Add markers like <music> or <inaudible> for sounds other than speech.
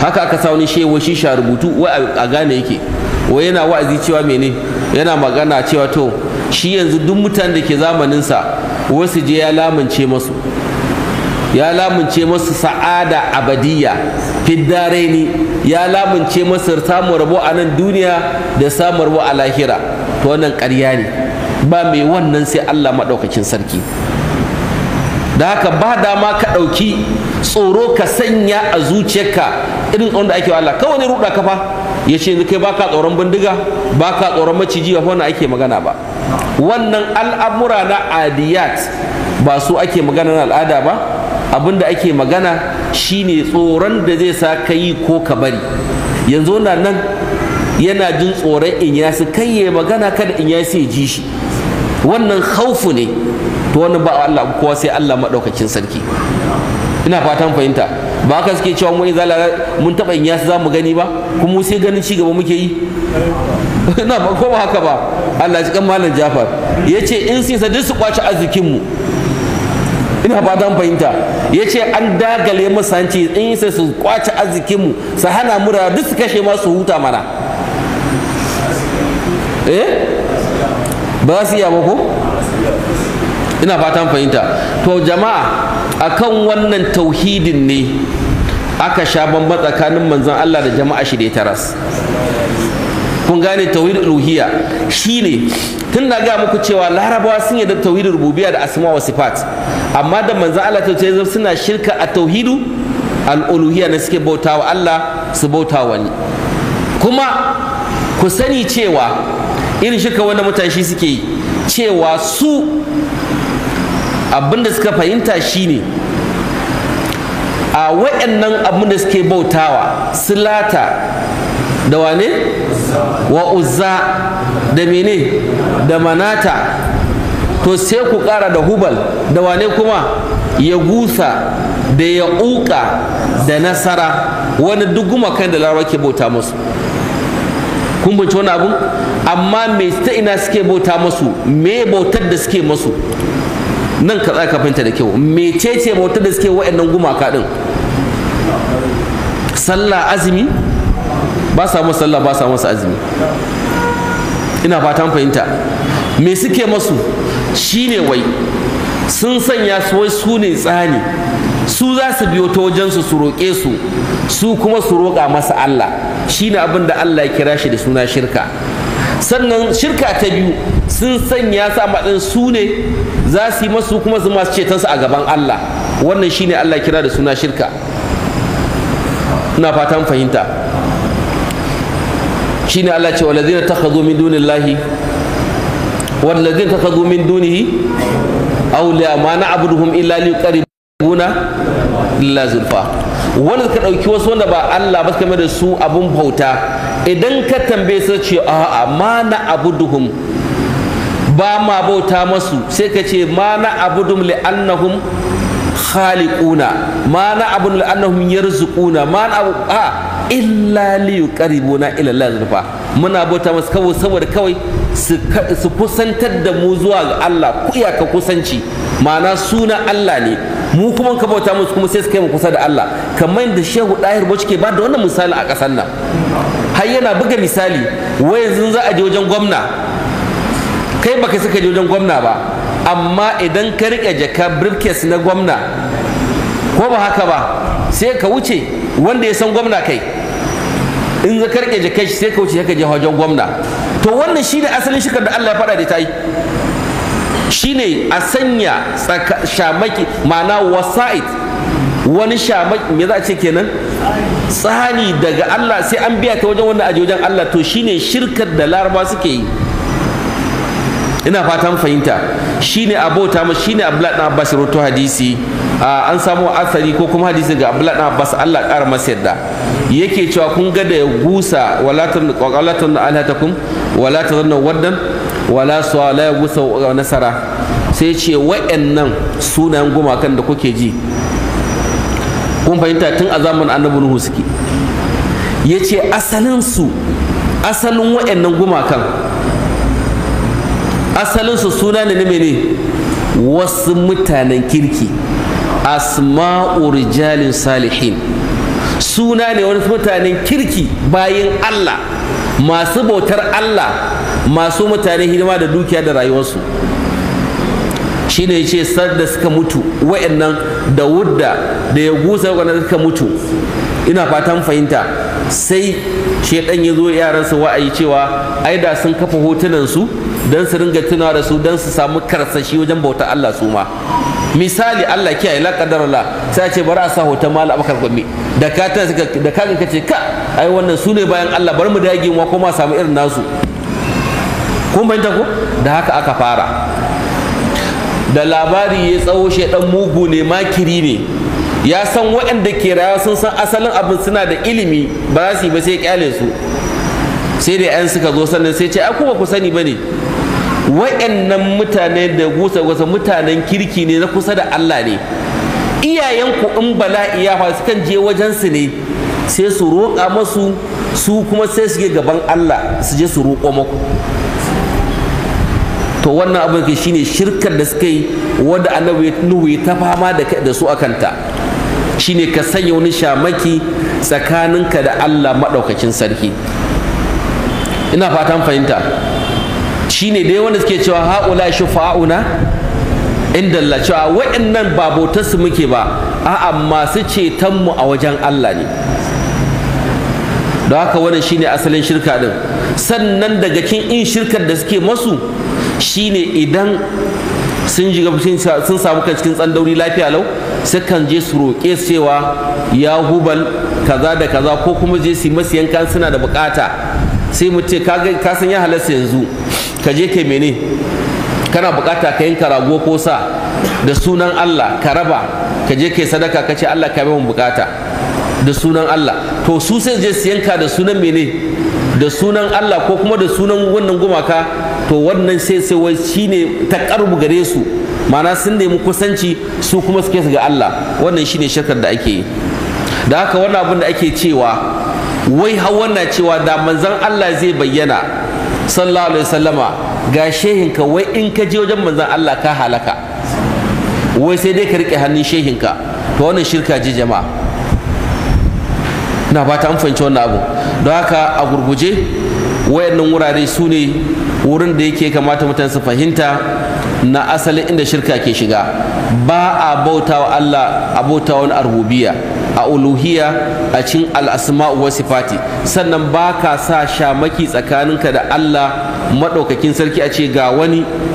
haka aka sa wani shewa shi sha rubutu wai a gane yake wai yana wa'azi cewa mene yana magana cewa to shi yanzu duk mutanen da ke zamanin zamaninsa wasu je ya lamince masu ya lamince masu sa'ada abadiyya fiddaraini ya lamince masu samun rabo a nan duniya da samun rabo a lahira to wannan ƙarya ne ba mai wannan sai Allah maɗaukakin sarki da haka ba dama ka ɗauki tsoro ka sanya a zuciyarka irin wanda ake wa Allah kawai ne ruɗa kafa ya ce kai baka tsoron bindiga baka tsoron maciji ba wannan ake magana ba wannan al'amura na adiyat ba su ake magana na al'ada ba abinda ake magana shine tsoron da zai sa ka yi ko ka bari yanzu na nan yana jin tsoron in ya su kai ya magana kada in ya sai ji shi wannan haufu ne to wani ba Allah kowa sai Allah maɗaukacin sarki ina fatan fahimta ba ka suke cewa mun zala mun taba yin yasu zamu gani ba kuma sai ganin ci gaba muke yi <laughs> na ba ko haka ba Allah ji kan malam Jafar yace in sun sa duk su kwaci arzikin mu ina fatan fahimta yace an dagale masa hanci in sai su kwaci arzikin mu su hana mu duk su kashe ma su huta mana eh ba su iya ba ko ina fatan fahimta to jama'a akan wannan tauhidin ne aka sha bamba tsakanin manzon Allah da jama'a shi da taras kun gane tauhid shi ne tun na ga muku cewa larabawa sun yarda tauhid rububiyya da asma wa sifat amma da manzon Allah ta ce suna shirka a tauhidu al-uluhiyya ne suke bautawa Allah su bautawa wani kuma ku sani cewa irin shirka wanda mutane shi suke cewa su abinda suka fahimta shine a wa'annan abin da suke bautawa silata da wane wa uzza da mene da manata to sai ku kara da hubal da wane kuma ya gusa da ya uka da nasara wani duk kan da larabar ke bauta musu kun binci wani abu amma me ta ina suke bauta musu me bautar da suke musu nan ka tsaya ka fahimta da kyau mecece motar da suke wa'annan gumaka din sallah azumi ba sa masa sallah ba sa masa azumi ina fatan fahimta me suke masu shine wai sun sanya su wai su ne tsani su za su biyo ta wajensu su roƙe su su kuma su roƙa masa Allah shine abin da Allah ya kira shi da suna shirka sannan shirka ta biyu sun sanya su a matsayin su ne za su yi masu kuma su masu su a gaban Allah wannan shine Allah kira da suna shirka ina fatan fahimta shine Allah ce walazina takhadhu min dunillahi walazina takhadhu min dunihi awliya ma na'buduhum illa liqarribuna illa zulfa wanda ka ɗauki wasu wanda ba Allah ba kamar da su abun bauta idan ka tambaye su ce a'a ma na ba ma bauta masu sai ka ce ma na abudum li'annahum khaliquna ma na abun li'annahum yarzuquna ma na abu a illa li yuqarribuna ila Allah zulfa muna bauta masu kawai saboda kawai su kusantar da mu zuwa ga Allah ku ka kusanci ma'ana suna Allah ne mu kuma ka bauta musu kuma sai su kai mu kusa da Allah kamar yadda Shehu Dahir Bauchi ke ba da wannan misali a ƙasar nan har yana buga misali wai yanzu za a je wajen gwamna kai baka saka je wajen gwamna ba amma idan ka rike jaka briefcase na gwamna ko ba haka ba sai ka wuce wanda ya san gwamna kai in ka rike jaka shi sai ka wuce ka je wajen gwamna to wannan shine asalin shikar da Allah ya faɗa da ta yi shine a sanya shamaki ma'ana wasa'id wani shamaki me za a ce kenan tsani daga Allah sai an biya ta wajen wannan aje wajen Allah to shine shirkar da laraba suke yi ina fatan fahimta shine abota mu shine Abdullah dan Abbas rawaito hadisi an samu asari ko kuma hadisi ga Abdullah dan Abbas Allah ƙara masa yadda yake cewa kun ga da gusa wala tun wala tun alhatakum wala tazannu waddan wala sala gusa nasara sai ce wa'annan sunan gumakan da kuke ji kun fahimta tun a zamanin annabi Nuhu suke yace asalin su asalin wa'annan gumakan asalinsu suna ne ne ne wasu mutanen kirki asma'u rijalin salihin suna ne wani mutanen kirki bayan Allah masu bautar Allah masu mutane hidima da dukiya da rayuwarsu shi ne ce da suka mutu wa'annan da wudda da ya gusa wa'annan suka mutu ina fatan fahimta sai shedan ya zo yaransu wa'ayi cewa ai da sun kafa hotunansu su su ringa tunawa da su dan su samu karsashi wajen bauta Allah su ma misali Allah kiyaye la kadar Allah sai ce bari a sa hoton mal abakar gombe da ka ta da ka ka ce ka ai wannan sune bayan Allah bari mu dage mu kuma samu irin nasu mai ta ko da haka aka fara da labari ya tsawo shedan mugu ne makiri ne ya san waɗanda ke raya sun san asalin abin suna da ilimi ba za su yi ba sai kyale su sai da 'yan suka zo sannan sai ce ku ba ku sani ba ne waɗannan mutane da gusa-gusa mutanen kirki ne na kusa da Allah ne iyayenku in bala'i ya faru sukan je wajensu ne sai su roƙa masu su kuma sai su gaban Allah su je su roƙo maku to wannan abin shine shirkar da suka yi wanda annabi nuhu ya ta fama da su a kanta shine ka sanya wani shamaki tsakaninka da Allah maɗaukakin sarki ina fatan fahimta shine dai wanda suke cewa haula shufa'una inda Allah cewa waɗannan ba bautarsu muke ba a'a masu cetonmu a wajen Allah ne don haka wannan shine asalin shirka din sannan daga kin in shirkar da suke masu shine idan sun sun samu kan cikin tsandauri lafiya lau sukan je su roƙe cewa ya hubal kaza da kaza ko kuma je su masu yankan suna da bukata sai mu ce ka san ya halasta yanzu ka je kai mene kana bukata ka yanka rago ko sa da sunan Allah ka raba ka je kai sadaka ka ce Allah ka bi mu bukata da sunan Allah to su sai je su yanka da sunan mene da sunan Allah ko kuma da sunan wannan gumaka to wannan sai sai wai shine ta karbu gare su mana sun nemi kusanci su kuma suke ga Allah wannan shine shirkar da ake yi da haka wannan abin da ake cewa wai hawa na cewa da manzon Allah zai bayyana sallallahu alaihi wasallama ga shehin ka. wai in ka je wajen manzon Allah ka halaka wai sai dai ka rike hannun shehin ka, to wannan shirka ji jama'a na ba ta an fahimci wannan abu don haka a gurguje wayannan wurare su ne wurin da yake kamata mutane su fahimta na asali inda shirka ke shiga ba a bauta wa Allah a bauta wani a uluhiya a cin al'asma'u wa sifati sannan ba ka sa shamaki tsakaninka da Allah maɗaukakin sarki a ce ga wani